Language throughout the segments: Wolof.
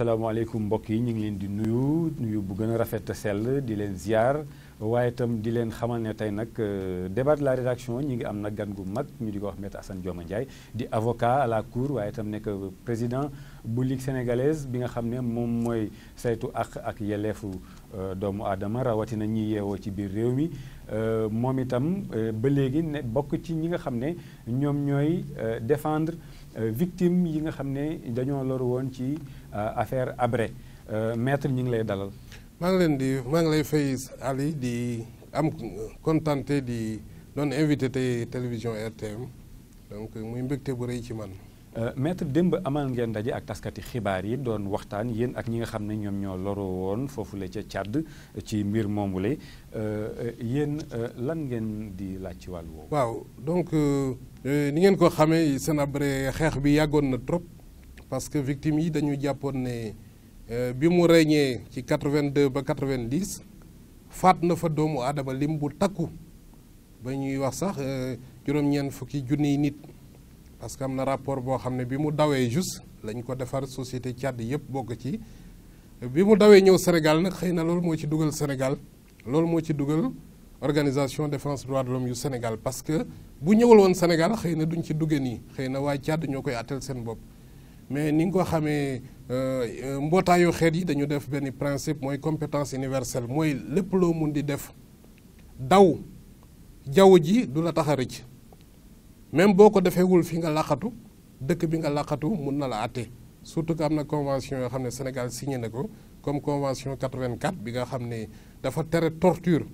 asalaamaaleykum mbokk yi ñu ngi leen di nuyu nuyu bu gën a rafet a sell di leen ziar waaye itam di leen xamal ne tey nag euh, débat de la rédaction ñi ngi am na gan gu mag ñu di ko wax maître Assane Dioma Ndiaye di avocat à la cour waaye itam nekk président bu ligue sénégalaise bi nga xam ne moom mooy saytu ak ak yelleefu euh, doomu aadama rawatina ñi yeewoo ci biir réew mi euh, moom itam ba léegi ne bokk ci ñi nga xam ne ñoom ñooy défendre. Euh, victime yi nga xam ne dañoo lor woon ci euh, affaire abré, euh, maître ñi ngi lay dalal. maa ngi leen di maa ngi lay fay Ali di am contenté di doon invité tey télévision RTM donc muy mbégte bu rëy ci man. Euh, maître démb amal ngeen ndaje ak taskati xibaar yi doon waxtaan yéen ak ñi nga xam ne ñoom ñoo loro woon foofu la ca Tchad ci mbir moomule euh, euh, yéen lan ngeen di laaj ci wàll woowu. waaw donc ni ngeen ko xamee Sénégal xeex bi yàggoon na trop parce que victim yi dañu jàppoon ne bi mu rëññee ci 82 ba 90 faat na fa doomu aadama lim bu takku ba ñuy wax sax juróom-ñeent fukki junniy nit. parce que am na rapport bo xamné bi mu dawee juste lañ ko défar société Tchad yépp bok ci bi mu dawee ñew Sénégal nag xeyna lool mo ci duggal Sénégal lool mo ci duggal organisation défense droits de l'homme yu Sénégal parce que bu ñewul won Sénégal xeyna duñ ci duggee ni xeyna wa waa ñokoy ñoo sen bop seen bopp mais ni nga ko xamee euh, mbootaayu xeet yi dañu def benn principe moy compétence universelle moy lepp lo mun di def daw jaww ji du la tax même boo ko defeewul fi nga làqatu dëkk bi nga laqatu mun na la àtte surtout que am na convention yoo xam ne Sénégal signé ne ko comme convention 84 bi nga xam ne dafa tere torture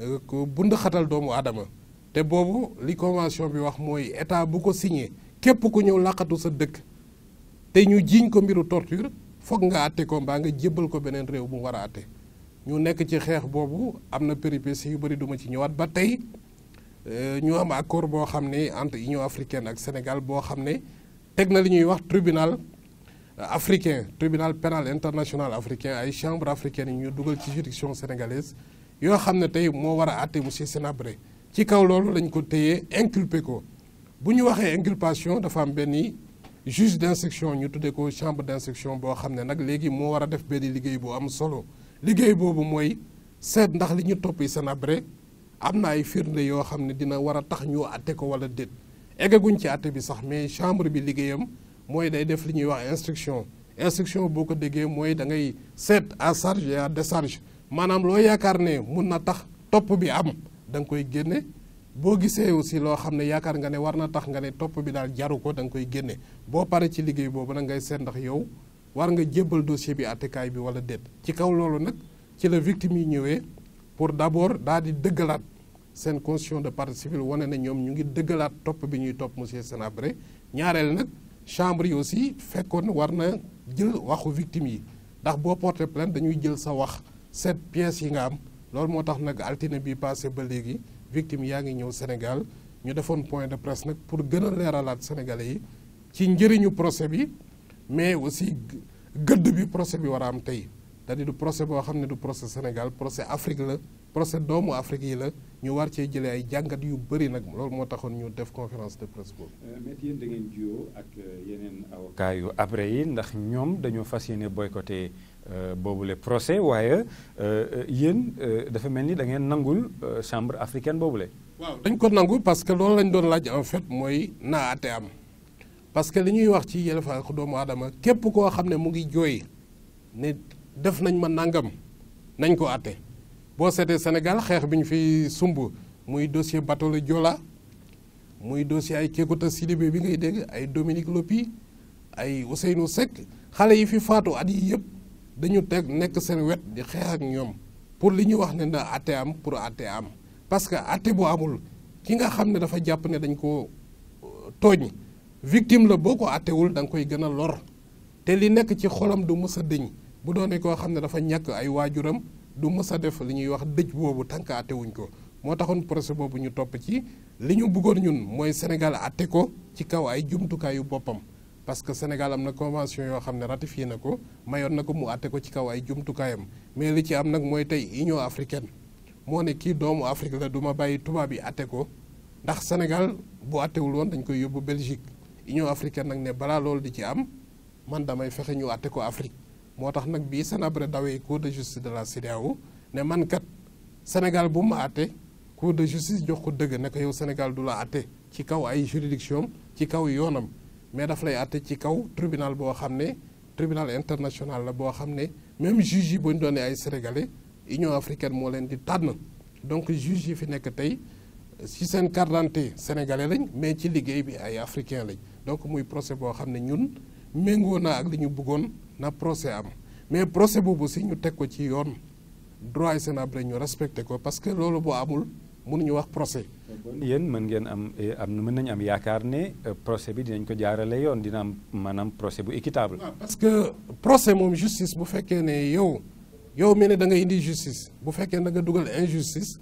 euh, ku bund xatal doomu aadama te boobu li convention bi wax mooy état bu ko signé képp ku ñëw laqatu sa dëkk te ñu jiiñ ko mbiru torture foog nga àtte ko mbaa nga jébbal ko beneen réew mu war a àtte ñu nekk ci xeex boobu am na péripéties yu bëri duma ci ñëwaat ba tey Euh, ñu am accord boo xam ne entre Union africaine ak Sénégal boo xam ne teg na li ñuy wax tribunal euh, africain tribunal pénal international africain ay chambre africaine ñu dugal ci juridiction sénégalaise yoo xam ne tey moo war a àtte monsieur Sénabré ci kaw loolu lañ ko téyee inculpé ko bu ñu waxee inculpation dafa am benn juge d'instruction ñu tuddee ko chambre d'instruction boo xam ne nag léegi moo war a def benn liggéey bu am solo liggéey boobu mooy seet ndax li ñu toppi Sénabré am na ay firnde yoo xam ne dina war a tax ñu àtte ko wala déet eggaguñ ci àtte bi sax mais chambre bi liggéeyam mooy day def li ñuy wax instruction instruction boo ko déggee mooy da ngay seet à charge et à décharge maanaam loo yaakaar ne mun na tax topp bi am da nga koy génne boo gisee aussi loo xam ne yaakaar nga ne war na tax nga ne topp bi daal jaru ko danga koy génne boo paree ci liggéey boobu nag ngay seet ndax yow war nga jébbal dossier bi àttekaay bi wala déet ci kaw loolu nag ci la victime yi ñëwee. pour d'abord daal di dëggalaat seen de partie civile wane ne ñoom ñu ngi dëggalaat top bi ñuy topp monsieur Senabré ñaarel nak chambre yi aussi fekkone warna jël waxu victime yi ndax bo porté plainte dañuy jël sa wax cette pièce yi nga am lool motax nak altiné bi passé ba légui victime yaa ngi ñëw Sénégal ñu defone point de presse nak pour gën réralat sénégalais yi ci ñëriñu procès bi mais aussi gëdd bi procès bi wara am tay cest du procès boo xam du procès Sénégal procès Afrique la procès doomu Afrique yi la ñu war cee jëlee ay jàngat yu bëri nag loolu moo taxoon ñu def conférence de presse boobu. Euh, mais yéen da ngeen jiyoo ak euh, yeneen avocats yu après yi ndax ñoom dañoo fas yéene boycotté euh, boobule procès waaye yéen dafa mel ni da ngeen nangul chambre africaine boobule. waaw dañ ko nangu parce que loolu lañ doon laaj en fait mooy naa àtte am parce que li ñuy wax ci doomu képp koo xam ne mu ngi jooy ne. def nañ ma nangam nañ ko àtte boo seetee Sénégal xeex bi ñu fi sumb muy dossier bateau le Joola muy dossier ay Kékouta Sidibé bi ngay dégg ay Dominique Lopi ay Ousseynou Seck xale yi fi faatu at yi yëpp dañu teg nekk seen wet di xeex ak ñoom pour li ñuy wax ne na àtte am pour àtte am parce que àtte bu amul ki nga xam ne dafa jàpp ne dañ ko euh, tooñ victime la boo ko àttewul da nga koy gën a lor te li nekk ci xolam du mës a dëñ bu doonee koo xam ne dafa ñàkk ay waajuram du mës a def li ñuy wax dëj boobu tànkaate wuñ ko moo taxoon procès boobu ñu topp ci li ñu buggoon ñun mooy Sénégal atte ko ci kaw ay jumtukaayu boppam parce que Sénégal am na convention yoo xam ne ratifié na ko mayoon na ko mu atte ko ci kaw ay jumtukaayam mais li ci am nag mooy tey Union africaine moo ne kii doomu Afrique la du ma bàyyi tubaab yi atte ko ndax Sénégal bu attewul woon dañ koy yóbbu Belgique Union africaine nag ne balaa loolu di ci am man damay fexe ñu ko Afrique moo tax nag bii Sanabré dawee cour de justice de la CEDEAO ne man Sénégal bu ma àtte cour de justice jox ko dëgg ne ko yow Sénégal du la àtte ci kaw ay juridiction ci kaw yoonam mais dafa lay àtte ci kaw tribunal boo xam ne tribunal international la boo xam ne même juge yi bu ñu doonee ay sénégalais Union africaine moo leen di tànn donc juge yi fi nekk tey ci seen carte d'identité sénégalais lañ mais ci liggéey bi ay africain lañ donc muy procès boo xam ne ñun méngoo naa ak li ñu na procès am mais procès boobu si ñu teg ko ci yoon droit yi seen ñu respecté ko parce que loolu boo amul mun mënuñu wax procès. yéen mën ngeen am eh, am mën nañu am yaakaar ne eh, procès bi dinañ ko jaarale yoon dina am maanaam procès bu équitable. Ah, parce que procès moom justice bu fekkee ne yow yow mel ne da nga indi justice bu fekkee da nga dugal injustice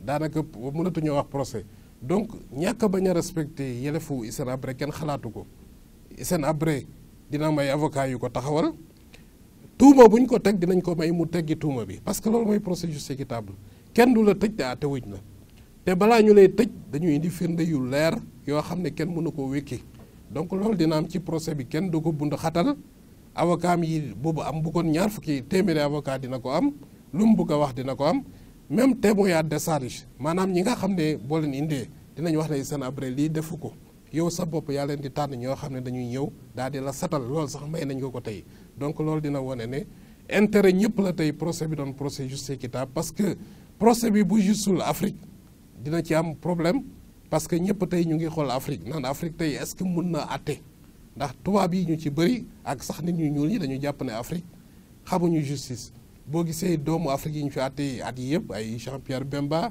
daanaka mënatuñoo wax procès donc ñàkk bañ a respecté yelefu Hissène Habré kenn xalaatu ko seen Habré dina may avocat yu ko taxawal tuuma buñ ko teg dinañ ko may mu teggi tuuma bi parce que loolu mooy procédure équitable kenn du la tëj te àtte wuñ la te balaa ñu lay tëj dañuy indi firnde yu leer yoo xam ne kenn mënu ko wékki donc loolu dina am ci procès bi kenn du ko bund xatal avocat yi boobu am bëggoon ñaar fukki téeméeri avocat dina ko am lu mu bëgg a wax dina ko am même témoignage de charge maanaam ñi nga xam ne boo leen indee dinañ wax ne seen abré lii defu ko yow sa bopp yaa leen di tànn ñoo xam ne dañuy ñëw daal di la setal lool sax may nañ ko ko tey donc loolu dina wane ne intérêt ñëpp la tey procès bi doon procès juste équitable parce que procès bi bu justul Afrique dina ci am problème parce que ñëpp tey ñu ngi xool Afrique naan Afrique tey est-ce que mun na àtte ndax tubaab yi ñu ci bëri ak sax nit ñu ñuul yi dañu jàpp ne Afrique xamuñu justice boo gisee doomu Afrique yi ñu fi àtte at yi yëpp ay Jean Pierre Bemba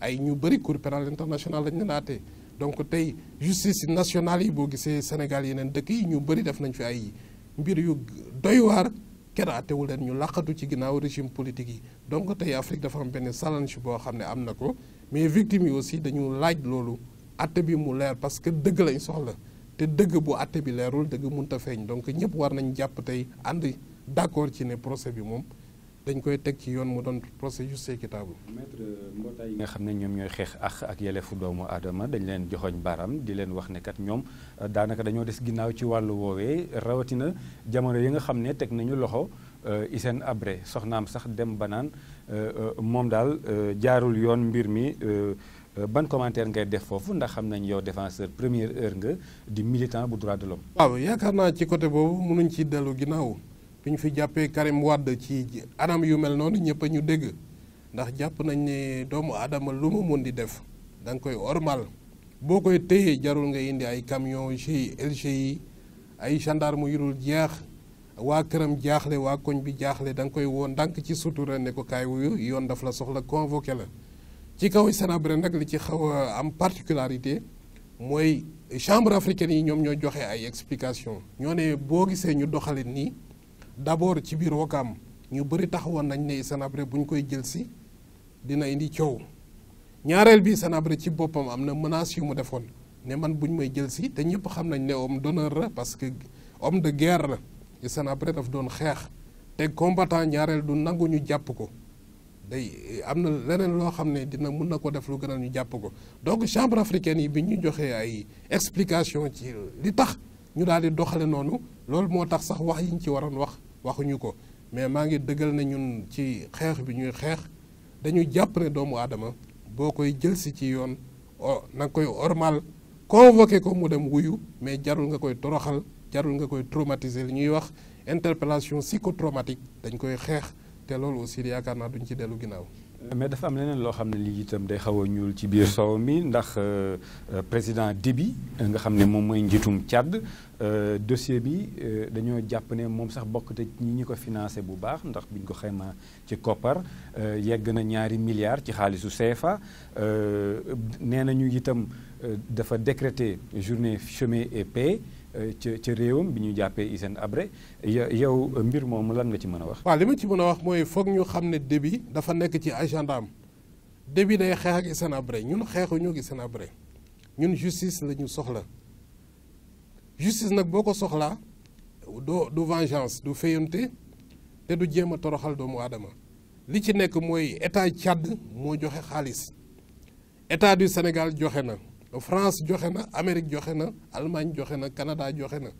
ay ñu bëri cour pénal international lañu leen donc tey justice nationale yi boo gisee Sénégal yeneen dëkk yi ñu bëri def nañ fi ay mbir yu doy waar kenn àttewul leen ñu laqatu ci ginnaaw régime politique yi donc tey Afrique dafa am benn challenge boo xam ne am na ko mais victimes yi aussi dañu laaj loolu àtte bi mu leer parce que dëgg lañ soxla te dëgg bu àtte bi leerul dëgg mënut a feeñ donc ñëpp war nañ jàpp tey ànd d'accord ci ne procès bi moom dañ koy teg ci yoon mu doon procès juste équitable. maître mbootaay yi nga xam ne ñoom ñooy xeex ak ak yelefu doomu aadama dañu leen joxoñ baaraam di leen wax ne kat ñoom euh, daanaka dañoo des ginnaaw ci wàllu woowee rawatina jamono yi nga xam ne teg nañu loxo euh, Hissène Habré soxnaam sax dem banaan euh, moom daal jaarul yoon mbir mi. ban commentaire ngay def foofu ndax xam nañ yow défenseur première heure nga di militant bu droit de l'homme waaw yaakaar naa ci côté ginnaaw bi ñu fi jàppee Karim Wade ci anam yu mel noonu ñëpp ñu dégg ndax jàpp nañ ne doomu aadama lu mu mun di def danga koy ormal boo koy téyee jarul nga indi ay camion GIE LGI ay gendarme yu dul jeex waa këram jaaxle waa koñ bi jaaxle da nga koy woo ndànk ci sutura ne ko kaay wuyu yoon daf la soxla convoqué la ci kaw Sénégal nag li ci xaw a am particularité mooy chambre africaine yi ñoom ñoo joxe ay explication ñoo ne boo gisee ñu doxalit nii d'abord ci biir Wakaam ñu bëri taxawoon nañ ne Hissène-Habré bu ñu koy jël si dina indi coow ñaareel bi Hissène-Habré ci boppam am na menace yu mu defoon ne man bu may jël si te ñëpp xam nañ ne homme d'honneur la parce que homme de guerre la Hissène-Habré daf doon xeex te combattant ñaareel du nangu ñu jàpp ko day am na leneen loo xam ne dina mun na ko def lu gën a ñu jàpp ko donc chambre africaine yi bi ñu joxee ay explication ci li tax ñu daal di doxale noonu loolu moo tax sax wax yi ñu ci waroon wax waxuñu ko mais maa ngi dëggal na ñun ci xeex bi ñuy xeex dañu jàpp ne doomu aadama boo koy jël si ci yoon na nga koy ormal convoqué ko mu dem wuyu mais jarul nga koy toroxal jarul nga koy traumatiser li ñuy wax interpellation psychotraumatique dañ koy xeex te loolu aussi yaakaar naa duñ ci dellu ginnaaw mais dafa am leneen loo xam ne lii itam day xaw a ñuul ci biir soow mi ndax euh, euh, président Déby euh, nga xam ne moom mooy njiitum Tchad dossier bi dañoo jàpp ne moom sax bokk te ñi ko financé bu baax ndax buñ ko xayma ci koppar yegg na ñaari milliards ci xaalisu CFA nee nañu itam dafa décréter journée chemin et paix Euh, ci ca réewam bi ñu jàppee Hissène Habré yow euh, mbir moomu lan nga ci mën a wax. waaw li ma ci mën a wax mooy foog ñu xam ne Déby dafa nekk ci agenda am day xeex ak isen abré ñun xeexuñu ak isen abré ñun justice la ñu soxla justice nag boo ko soxlaa doo du vengeance du fayante te du jéem a toroxal doomu aadama li ci nekk mooy état Tchad moo joxe xaalis état du Sénégal joxe na. France joxena na Amérique joxe na Allemagne joxe Canada joxena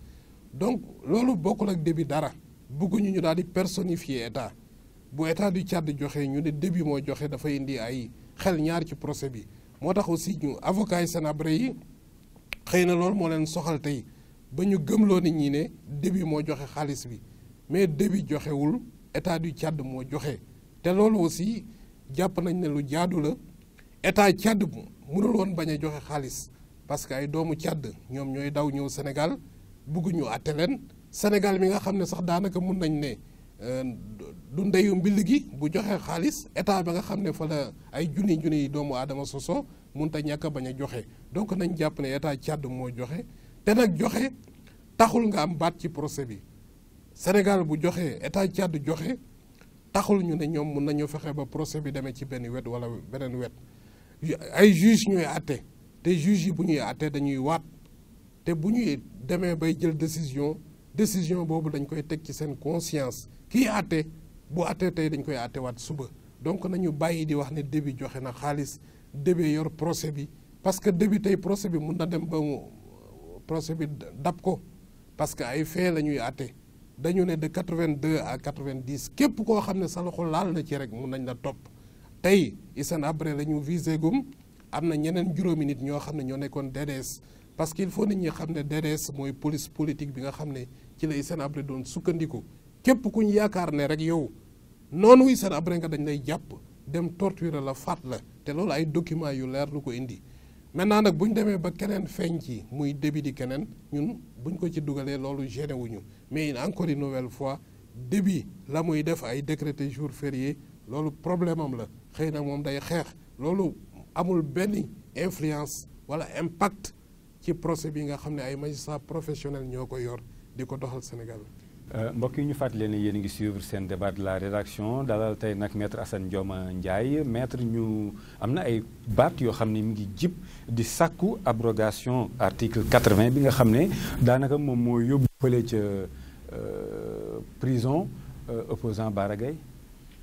donc loolu bokul ak début dara bëgguñu ñu daal di personnifier état bu état du Tchad joxe ñu ne début moo joxe dafa indi ay xel ñaar ci procès bi motax aussi ñu avocat yi Sénégalais yi xëy na loolu moo soxal tay ba ñu gëmloo nit ñi ne début mo joxe xaliss bi mais début joxewul état du Tchad mo joxe te loolu aussi japp nañ ne lu jaadu la état Tchad mënul won baña kalis, joxe xaliss parce que ay doomu tiad ñom ñoy daw ñew Sénégal bëggu ñu atelen Sénégal mi nga xam ne sax daanaka mën nañ ne euh, du ndeyu mbill bu joxe xaliss état bi nga xam ne fa la ay juni juni doomu adama soso mën ta ñaka baña joxe donc nañ japp ne état tiad mo joxe té nak joxe taxul nga am baat ci procès bi Sénégal bu joxe état tiad joxe taxul ñu ne ñom mën nañu fexé ba procès bi démé ci benn wet wala beneen wet ay juge ñooy até té juge yi bu ñuy dañuy wat té bu démé bay jël décision décision bobu dañ koy teg ci sen conscience ki até bu até tey dañ koy até wat suba donc nañu bàyyi di wax né début joxé na xaliss début yor procès bi parce que début tey procès bi mun na dem ba mu procès bi dab ko parce que ay fee la até dañu né de 82 à 90 képp ko xamné ne sa loxo laal na ci rek mun nañ la top tey Hissène Habré la ñu visé gum am na ñeneen juróomi nit ñoo xam ne ñoo nekkoon DDS parce que il faut nit ñi xam ne DDS mooy police politique bi nga xam ne ci la Hissène Habré doon sukkandiku képp ku ñu yaakaar ne rek yow noonu Hissène Habré nga dañ lay jàpp dem torturer la faat la te loolu ay documents yu leer lu ko indi. maintenant nag bu ñu demee ba keneen feeñ ci muy début di keneen ñun buñ ko ci dugalee loolu gêné wuñu mais encore une nouvelle fois début la def ay décrété jour férié loolu problème am la. xëy na moom day xeex loolu amul benn influence wala impact ci procès bi nga xam ne ay magistrat professionnel ñoo ko yor di ko doxal Sénégal. Euh, mbokk yi ñu fàttali leen yéen ngi suivre seen débat de la rédaction dalal tey nag maître Assane Ndioma Ndiaye maître ñu am na ay baat yoo xam ne mi ngi jib di sàkku abrogation article 80 bi nga xam ne daanaka moom moo yóbbu fële ca euh, prison euh, opposant Bara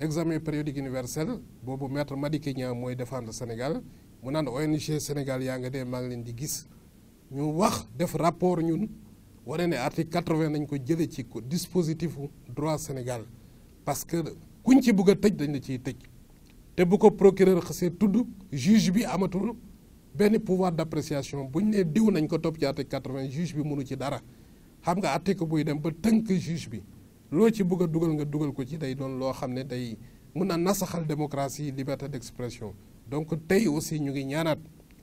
examen périodique universel si maître Madické le défendu défendre Sénégal mu naan ONG Sénégal ya nga dé maa ngi di gis ñu wax def rapport ñun wane ne article l'article 80, nañ ko dispositif droit Sénégal parce que kuñ ci bëgg a dañ la bu ko procureur le tudd juge bi amatul pouvoir d'appréciation buñ né diw nañ ko top ci article quatre juge bi mënu ci dara xam nga article dem ba juge bi loo ci bëgg a dugal nga dugal ko ci day doon loo xam ne day mun a nasaxal démocratie liberté d'expression donc tey aussi ñu ngi ñaanaat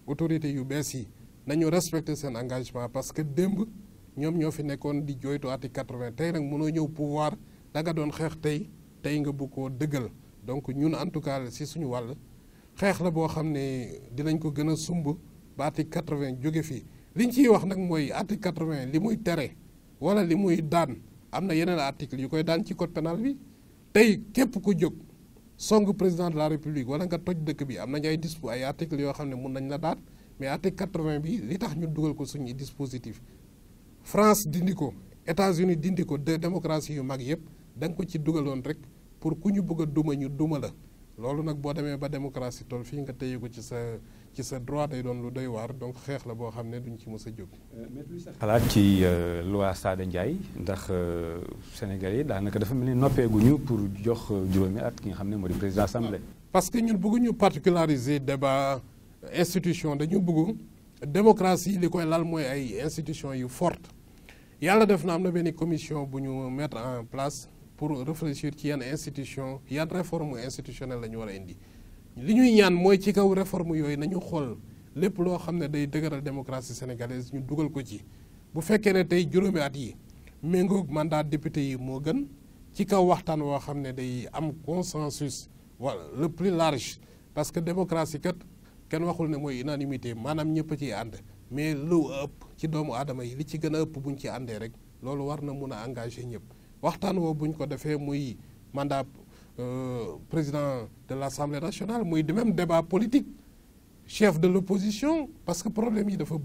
autorité yu bees yi nañu respecter seen engagement parce que démb ñoom ñoo fi nekkoon di jooytu ati 80 tey nag mënoo ñëw pouvoir da nga doon xeex tey tey nga bëgg koo dëggal donc ñun en tout cas si suñu wàll xeex la boo xam ne dinañ ko gën a sumb ba ati 80 jóge fii liñ ciy wax nag mooy ati 80 li muy tere wala li muy daan am na yeneen article yu koy daan ci code pénal bi tey képp ku jóg song président de la république wala nga toj dëkk bi am nañ ay dispo ay article yoo xam ne mun nañ la daan mais article 80 bi li tax ñu dugal ko suñuy dispositif France dindi ko États-Unis dindi ko de démocratie yu mag yëpp da ko ci dugaloon rek pour ku ñu bëgg a duma ñu duma la loolu nag boo demee ba démocratie toll fii nga téye ko ci sa ci sa droit day doon lu doy waar donc xeex la boo xam ne duñ ci mës a jóg. xalaat ci euh, loi Sada Ndiaye ndax euh, Sénégalais daanaka dafa mel ni noppeeguñu pour jox euh, juróomi at ki nga xam ne moo di président assemblée. parce que ñun bëgguñu particulariser débat institution dañu bëgg démocratie li koy lal mooy ay institution yu forte yàlla def na am na benn commission bu ñu mettre en place pour réfléchir ci yan institution yan réforme institutionnelle la ñu war a indi. li ñuy ñaan mooy ci kaw réforme yooyu nañu xool lépp loo xam ne day dëgëral démocratie sénégalaise ñu dugal ko ci bu fekkee ne tey juróomi at yi méngoog mandat député yi moo gën ci kaw waxtaan woo xam ne day am consensus wala le plus large parce que démocratie kat kenn waxul ne mooy unanimité maanaam ñëpp a ciy ànd mais lu ëpp ci doomu aadama yi li ci gën a ëpp buñ ci àndee rek loolu war na mun a engagé ñëpp waxtaan woo buñ ko defee muy mandat Euh, président de l'Assemblée nationale muy de même débat politique chef de l'opposition parce que le problème est de faire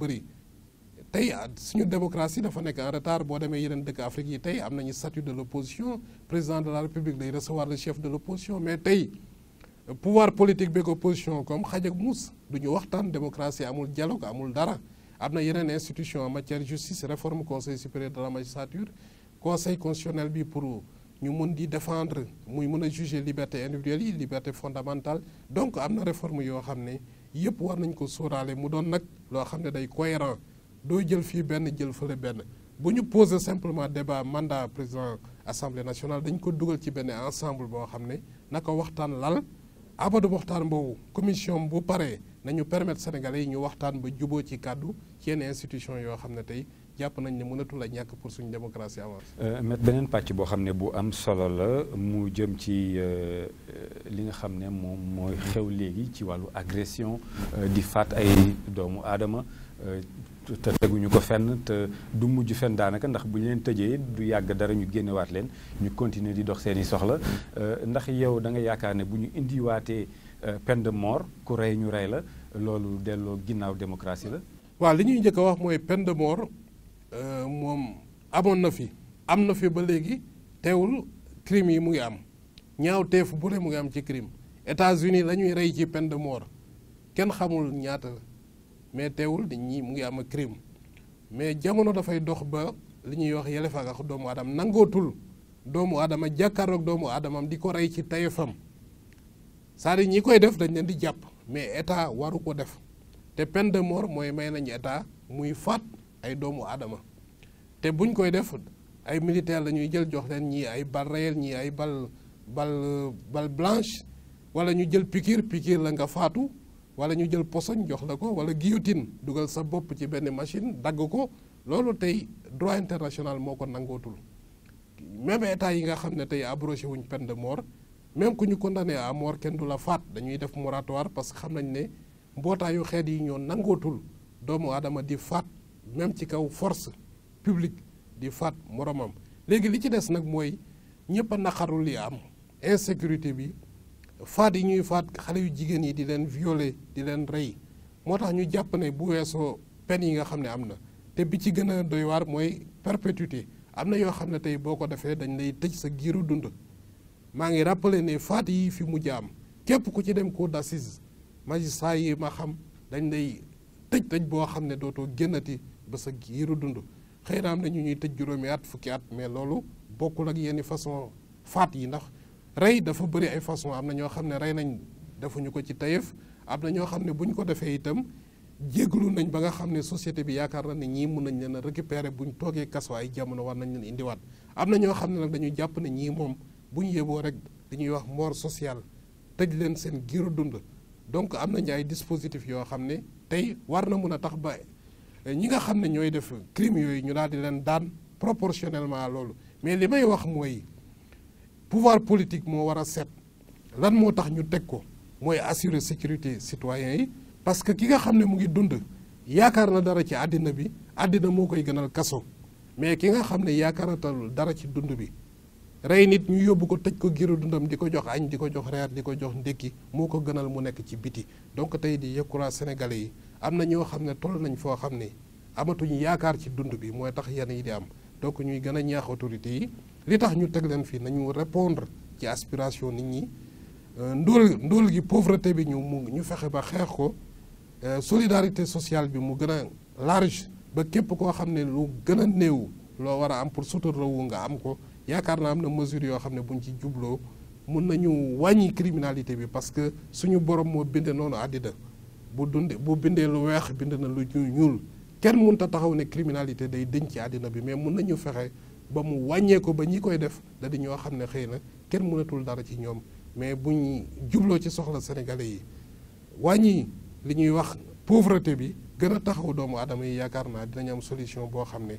si suñu démocratie est en retard boo demee yeneen Afrique yi statut de l'opposition Le président de la République doit recevoir le chef de l'opposition mais le pouvoir politique De l'opposition, comme Khadija Mousse, nous avons une démocratie amul dialogue amul dara Nous avons une institution en matière de justice réforme conseil supérieur de la magistrature conseil constitutionnel bi pour ñu mun di défendre muy mëna juger liberté individuelle liberté fondamentale donc amna réforme yo xamné yépp war nañ ko sóoraale mu don nak lo xamné day cohérent do jël fi ben jël fële ben buñu poser simplement débat mandat président assemblée nationale dañ ko dugal ci ben ensemble bo xamné ne naka waxtaan lal abadu waxtan bo commission bu paré nañu permettre sénégalais ñu waxtan ba juboo ci cadre ci yenn institution yo xamné tay jàpp nañ ne mënatul a ñàkk pour suñu démocratie avance. Euh, mais beneen pàcc boo xam ne bu am solo la mu jëm ci euh, euh, li nga xam ne moom mooy xew léegi ci wàllu agression di faat ay doomu aadama. te teguñu ko fenn te du mujj fenn daanaka ndax bu ñu leen tëjee du yàgg dara ñu génnewaat leen ñu continuer di dox seeni soxla ndax yow da nga yaakaar ne bu ñu indiwaatee peine de mort ku rey ñu rey la loolu delloo ginnaaw démocratie la. waaw li ñuy njëkk wax mooy peine de mort Euh, moom amoon na fi am na fi ba léegi teewul crime yi mu ngi am ñaaw teefu bu ne mu ngi am ci crime États-Unis la ñuy rey ci peine de mort kenn xamul ñaata mais teewul dañ ñi mu ngi am crime mais jamono dafay dox ba li ñuy wax yelef ak doomu aadama nangootul doomu aadama jàkkaaroog doomu aadamam di ko rey ci tayefam c'est-à-dire ñi koy def dañ leen di jàpp mais état waru ko def te peine de mort mooy may nañ état muy faat ay doomu adama te buñ koy def ay militaire lañuy jël jox len ñi ay bal réel ñi ay bal bal bal blanche wala ñu jël pikir pikiir la nga faatu wala ñu jël posoñ jox la ko wala guillotine dugal sa bop ci benn machine dag ko loolu tey droit international moko nangotul même état yi nga xam ne tey abrogé wuñ peine de mort même ku ñu condamné à mort ken dula faat dañuy def moratoire parce que xam nañ ne mbootaayu xéet yi ñoo nangotul doomu adama di faat même ci kaw force publique di faat moromam léegi li ci des nag mooy ñëpp a naqarul li am insécurité bi faat yi ñuy faat xale yu jigéen yi di leen violer di leen rey moo tax ñu jàpp ne bu weesoo peine yi nga xam ne am na te bi ci gën a doy waar mooy perpétuité am na yoo xam ne tey boo ko defee dañ lay tëj sa giiru dund maa ngi rappelé ne faat yi fi mujj am képp ku ci dem cour d'assises magistrat yi ma xam dañ lay tëj tëj boo xam ne dootoo génnati ba sa giiru dund xëy na am na ñu ñuy tëj juróomi at fukki at mais loolu bokkul ak yenn façon faat yi ndax rey dafa bëri ay façon am na ñoo xam ne rey nañ defuñu ko ci tayef am na ñoo xam ne buñ ko defee itam jéglu nañ ba nga xam ne société bi yaakaar na ne ñii mun nañ leen a récupérer buñ toogee kaso ay jamono war nañ leen indiwaat am na ñoo xam ne nag dañuy jàpp ne ñii moom bu ñu yeboo rek dañuy wax mort sociale tëj leen seen giiru dund donc am nañu ay dispositif yoo xam ne tey war na mun a tax ba ñi nga xam ne ñooy def crime yooyu ñu daal di leen daan proportionnellement loolu mais li may wax mooy pouvoir politique moo war a seet lan moo tax ñu teg ko mooy assurer sécurité citoyens yi parce que ki nga xam ne mu ngi dund yaakaar na dara ci àddina bi àddina moo koy gënal kaso mais ki nga xam ne yaakaaratal dara ci dund bi rey nit ñu yóbbu ko tëj ko giru dundam di ko jox añ di ko jox reer di ko jox ndékki moo ko gënal mu nekk ci biti donc tey di yëkkuraat sénégalais yi am na ñoo xam ne toll nañ foo xam ne amatuñ yaakaar ci dund bi mooy tax yenn yi di am donc ñuy gën a ñaax autorités yi li tax ñu teg leen fii nañu répondre ci aspiration nit ñi euh, ndóol ndóol gi pauvreté bi ñu mu ñu fexe ba xeex ko euh, solidarité sociale bi mu gën a large ba képp koo xam ne lu gën a néew loo war a am pour sutura nga am ko yaakaar naa am na mesure yoo xam ne buñ ci jubloo mun nañu wàññi criminalité bi parce que suñu borom moo bind noonu àddina bu dunde bu bindee lu weex bind na lu ñuul kenn mënut a taxaw ne criminalité day dëñ ci àddina bi mais mun nañu fexe ba mu wàññee ko ba ñi koy def da di ñoo xam ne xëy na kenn munatul dara ci ñoom mais buñ jubloo ci soxla sénégalais yi wàññi li ñuy wax pauvreté bi gën a taxaw doomu adama yi yaakaar naa dinañu am solution boo xam ne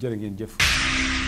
jërë ngeen jëf